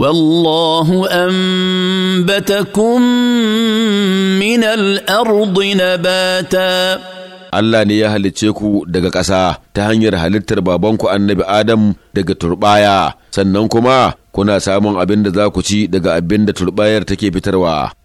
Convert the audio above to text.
والله أنبتكم من الأرض نباتا Allah ne ya halicce ku daga ƙasa ta hanyar halittar babanku annabi Adam daga turbaya, sannan kuma kuna samun abin da za ku ci daga abin da turbayar take fitarwa.